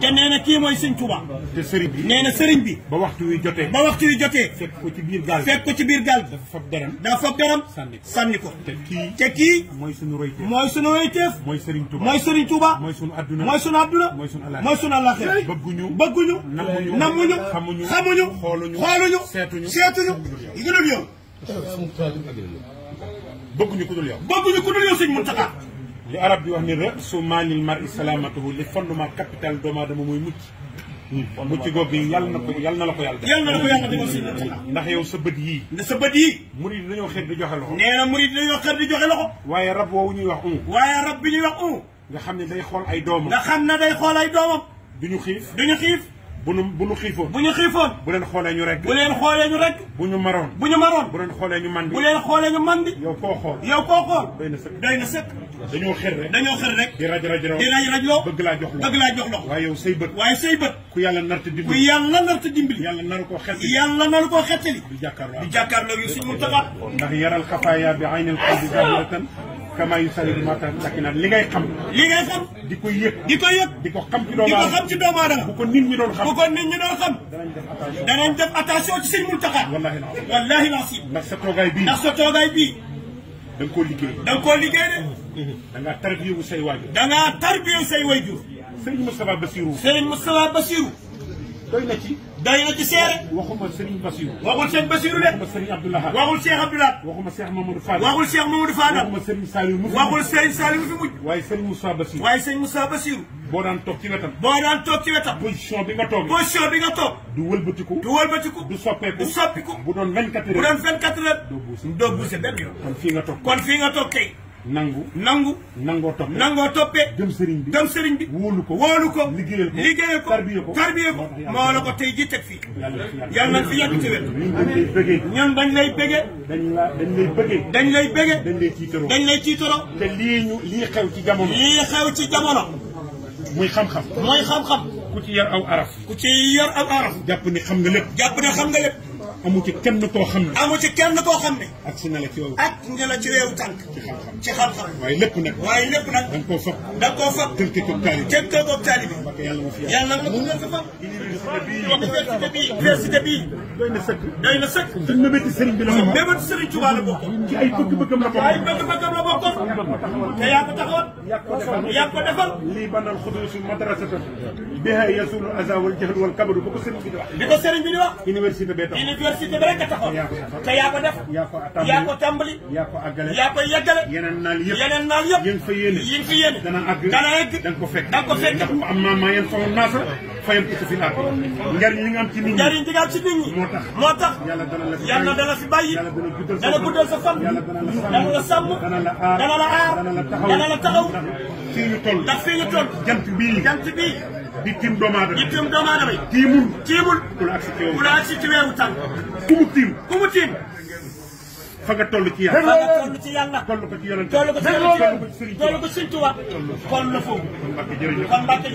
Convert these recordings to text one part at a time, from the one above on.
te nee na kii mooy sëñ Touba. te sëriñ bi nee na sëriñ bi. ba waxtu wi jotee. ba waxtu wi jotee. fekk ko ci biir gaal fekk ko ci biir gaal dafa fab deram dafa fab deram sànni ko te kii te kii. mooy suñu royteef mooy suñu royteef. mooy sëriñ Touba mooy sëriñ Touba. mooy suñu adduna mooy suñu adduna. mooy suñu alaxira mooy suñu alaxira bëgguñu bëgguñu. namuñu namuñu xamuñu xamuñu. xooluñu xooluñu seetuñu seetuñu. yu gën a yow. bëgguñu ku dul yow. bëgguñu ku dul yow sëñ Muntaxa li arab bi wax ni rësu maalil mar i salaamatuhu li fondement capital doomu aadama mooy mucc mucc googu yàlla na ko na la ko yàlla def yàlla na la ko yàlla def ndax yow sa bët yii na murid dañoo xet di joxe loxo waaye bi wax un nga xam ne day xool ay doomam nga xam ne day xool ay doomam duñu xiif bu ñu bu leen xoolee ñu rek bu leen xoolee bu ñu maroon bu xoolee ñu mandi bu leen xoolee ñu mandi koo xool yow koo xool doy na sëkk doy na sëkk dañoo xër rek dañoo xër rek di raj raj loo di raj raj loo bëgg laa jox loxo bëgg laa jox loxo waaye yow say bët waaye say bët ku yàlla nart dimbali ku yàlla nart dimbali yàlla naru koo xettali yàlla naru koo xettali di jàkkaarloo di jàkkaarloo yow suñu Moustapha ndax yaral xafaaya bi aynal qalbi zahiratan kama yusalli mata sakina li ngay xam li ngay xam di ko yëg di ko yëg di ko xam ci doomu aadama di ko xam ci doomu aadama bu ko nit ñi doon xam bu ko nit ñi doon xam danañ def attention ci sëñ Moustapha wallahi wallahi ndax sa toogaay bii ndax sa toogaay bii da nga koo liggéey da nga koo liggéey de. da ngaa tarbiyewu say waajur. da ngaa tarbiyewu say waajur. Serigne Moustapha Bassirou. Serigne Moustapha Bassirou. doy na ci. doy na ci seere. waxuma Serigne Bassirou. waxul Serigne Bassirou de. waxuma Serigne Abdoulaye. waxul Cheikh Abdoulaye. waxuma Cheikh Mamadou Fadal. waxul Cheikh Mamadou Fadal. waxuma Serigne Saliou mu fi. waxul Serigne Saliou mu fi mujj. waaye Serigne Moussa Bassirou. waaye Serigne Moussa Bassirou. boo daan toog ci wetam. boo daan toog ci wetam. position bi nga toog. position bi nga toog. du wëlbatiku. du wëlbatiku. du soppeeku du soppiku. bu doon 24 heures. bu doon 24 heures. doo buuse doo buuse benn yoon. kon fii nga toog kon fii nga toog kay. nangu nangu nangoo toppee nangoo toppee gëm sëriñ bi gëm sëriñ bi wóolu ko wóolu ko liggéeyal ko liggéeyal ko tarbiye ko tarbiye ko moo la ko tey ji teg fii yàlla na fi yàgg ci wet ñoom dañ lay bëggee dañ la dañ lay bëggee dañ lay bëggee dañ lay tiitaro dañ lay tiitaro te lii ñu lii xew ci jamono lii xew ci jamono muy xam-xam muy xam-xam ku ci yar aw araf ku ci yar aw araf jàpp ni xam nga lépp jàpp ne xam nga lépp amu ci kenn koo xam ne. amu ci kenn koo xam ne. ak si ne la ci wewu. ak nga la ci wewu tànk. ci xam-xam ci xam-xam. waaye lépp nag. waaye lépp nag. da nga koo fab. da nga koo fab. tënk ko taalibi tënk ko taalibi. parce que yàlla moo fi yàlla. yàlla moo fi fab. université bii université bii. doy na sëkk. doy na sëkk. ci mébéti sëriñ bi la ko. mébéti sëriñ Tuubaa la bokkoon. ci ay bëgg-bëggam la bokkoon. ay bëgg-bëggam la bokkoon. te yaa ko taxawoon. yaa ko defal. lii banal xuduusu madrasatan biha yasulu aza wal jahlu wal kabadu ba ko sëriñ bi di wax. bi ko sëriñ bi di wax. université bee tax université bi rek a taxoon te yaa ko def yaa ko tàmbali yaa ko àggale yaa ko yeggale yeneen naal yëpp yeneen naal yëpp yi nga fa yéene yi nga fa yéene dana àgg dana àgg da nga ko fekk da nga ko fekk ndax am maa maa yéen fawoon naa sa fayam ko fi àgg njariñ li nga am ci nit ñi njariñ li nga am ci nit ñi moo tax moo tax yàlla dana la fi bàyyi dana guddal sa fan dana la sàmm dana la aar dana la taxaw dana la taxaw fii ñu toll ndax fii ñu toll jant bii jant bii tiim doomu aadama di tiim doomu aadama yi. tiimul tiimul. ku la agsi ci weewu tànk ku mu tiim ku mu tiim. fa nga toll ci yàlla. toll ci yàlla. toll ko ci yàlla toll ko ci yàlla toll ko ci Sëriñ Tuubaa kon foofu. kon Mbàkke jërëjëf kon Mbàkke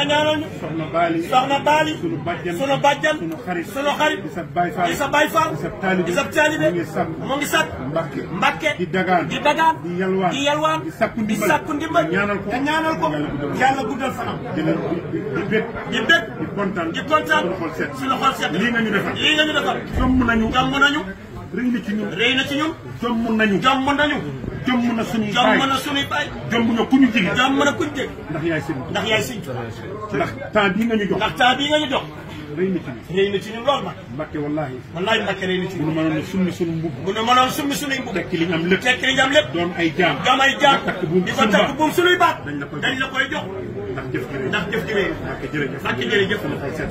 jërëjëf. sunu xarit sunu xarit. di sa Baay Faal di sa Baay mu ngi sàkk Mbàkke di dagaan di dagaan. di yalwaan di ndimbal di ñaanal ko yàlla guddal fanam. di bég di bég di kontaan di kontaan. sunu xol set lii nga ñu defal lii nga ñu defal. jomm nañu nañu rëy na ci ñun rëy na ci ñun. jomm nañu jomm nañu. jomm na suñuy baay jomm na suñuy baay. jomm na ku ñu jege. jomm na ku ñu jege. ndax yaay sëñ ndax yaay sëñ ndax temps bii nga ñu jox. ndax temps bii nga ñu jox. rëy na ci ñun rëy na ci ñun lool ma. Mbacke wallaahi. wallaahi Mbacke rëy na ci ñun. bu ñu mënoon a summi suñu mbub. bu ñu mënoon summi suñuy mbub. tekki li ñu am lépp tekki li ñu am lépp. doon ay jaam doon ay jaam. di ko takk buum suñuy baat dañ la koy jox ndax jëf gi ndax jëf gi rëy Mbacke jërëjëf. Mbacke jërëjëf.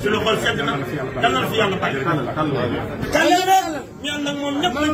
suñu xol sedd na dal na fi yàlla bàyyi. ñaan nag moom ñëpp